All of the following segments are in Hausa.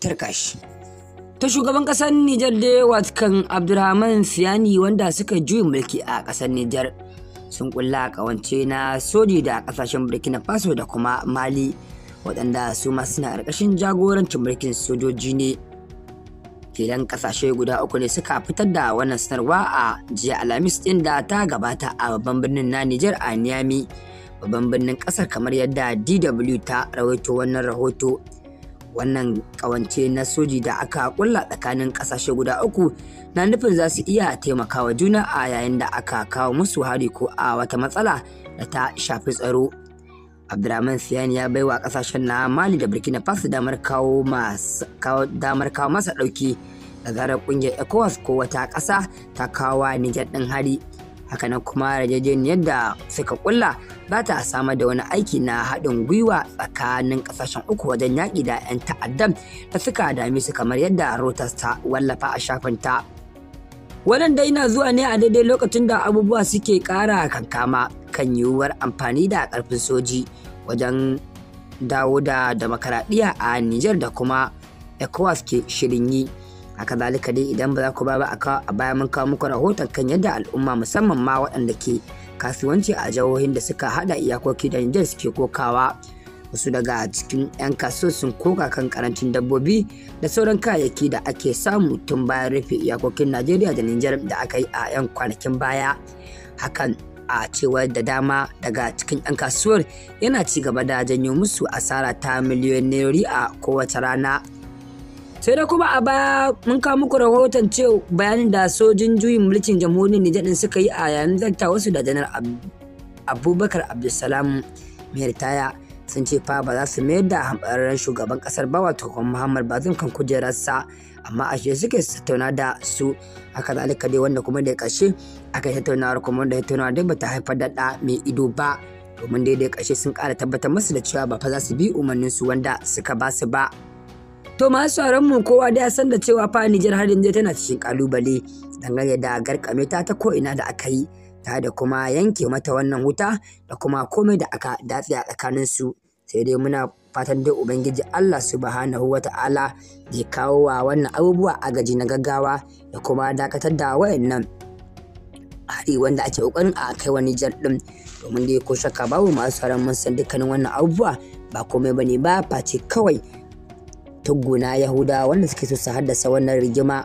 tarka ta shugaban ƙasar Nijar dai watkan Abdulrahman Siyani wanda suka juyi mulki a ƙasar Nijar sun kulla ƙawance na soji da ƙasashen Burkina Faso da kuma Mali waɗanda su ma suna ƙarƙashin jagorancin mulkin sojoji ne. Kilan ƙasashe guda uku ne suka fitar da wannan sanarwa a jiya Alhamis ɗin da ta gabata a babban birnin na Nijar a Niamey babban birnin ƙasar kamar yadda DW ta rawaito wannan rahoto. wannan kawance na soji da aka kulla tsakanin kasashe guda uku na nufin za su iya taimakawa juna a yayin da aka kawo musu hari ko a wata matsala da ta shafi tsaro abdulrahman siyani ya baiwa kasashen na mali da burkina faso damar kawo masa dauki da zarar kungiyar ecowas ko wata kasa ta kawo niger din hari hakanan kuma yarjejeniyar yadda suka kulla zata ta samar da wani aiki na haɗin gwiwa tsakanin ƙasashen uku wajen yaƙi da 'yan ta'addan da suka dami su kamar yadda Reuters ta wallafa a shafinta. Wannan dai na zuwa ne a daidai lokacin da abubuwa suke ƙara kankama kan yiwuwar amfani da ƙarfin soji wajen dawo da demokaradiyya a Nijar da kuma ECOWAS ke shirin yi. haka zalika dai idan ba za ku ba ba a baya mun kawo muku rahoton kan yadda al'umma musamman ma waɗanda ke kasuwanci a jihohin da suka hada iyakoki da Nijar suke kokawa wasu daga cikin 'yan kasuwa sun koka kan karancin dabbobi da sauran kayayyaki da ake samu tun bayan rufe iyakokin Najeriya da Niger da aka yi a 'yan kwanakin baya hakan a cewar da dama daga cikin 'yan kasuwar yana ci gaba da janyo musu asara ta miliyoyin a kowace rana sai da kuma a baya mun kawo muku rahoton cewa bayanin da sojin juyin mulkin jamhuriyar Nijar din suka yi a yayin zarta wasu da janar Abubakar Abdulsalam mai ritaya sun ce fa ba za su mayar da hambararren shugaban kasar ba wato kuma Muhammad Bazum kan kujerarsa amma a shi suke tattauna da su haka zalika dai wanda kuma da ƙarshe aka tattaunawar kuma wanda tattaunawa dai bata haifar da ɗa mai ido ba domin daidai ƙarshe sun ƙara tabbatar masu da cewa ba fa za su bi umarninsu wanda suka ba su ba. To ma masu mu kowa da ya san da cewa fa Nijar har yanzu tana cikin kalubale dangane da garkame ta ta ina da aka yi ta da kuma yanke mata wannan wuta da kuma komai da aka datse a tsakanin su sai dai muna fatan dai ubangiji Allah subhanahu wa ta'ala zai kawo wa wannan abubuwa agaji na gaggawa da kuma dakatar da wayannan hari wanda ake kokarin a kai wa Nijar din domin dai ko shakka babu masu mun san dukkanin wannan abubuwa ba komai bane ba face kawai tugguna yahuda wanda suke so su haddasa wannan rigima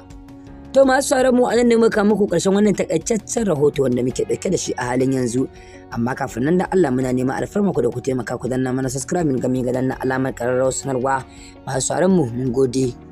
to masu sauran mu anan ne muka muku ƙarshen wannan takaitaccen rahoto wanda muke ɗauke da shi a halin yanzu amma kafin nan da Allah muna neman alfarma ku da ku taimaka ku danna mana subscribe gami ga danna alamar ƙararrawar sanarwa masu sauran mu mun gode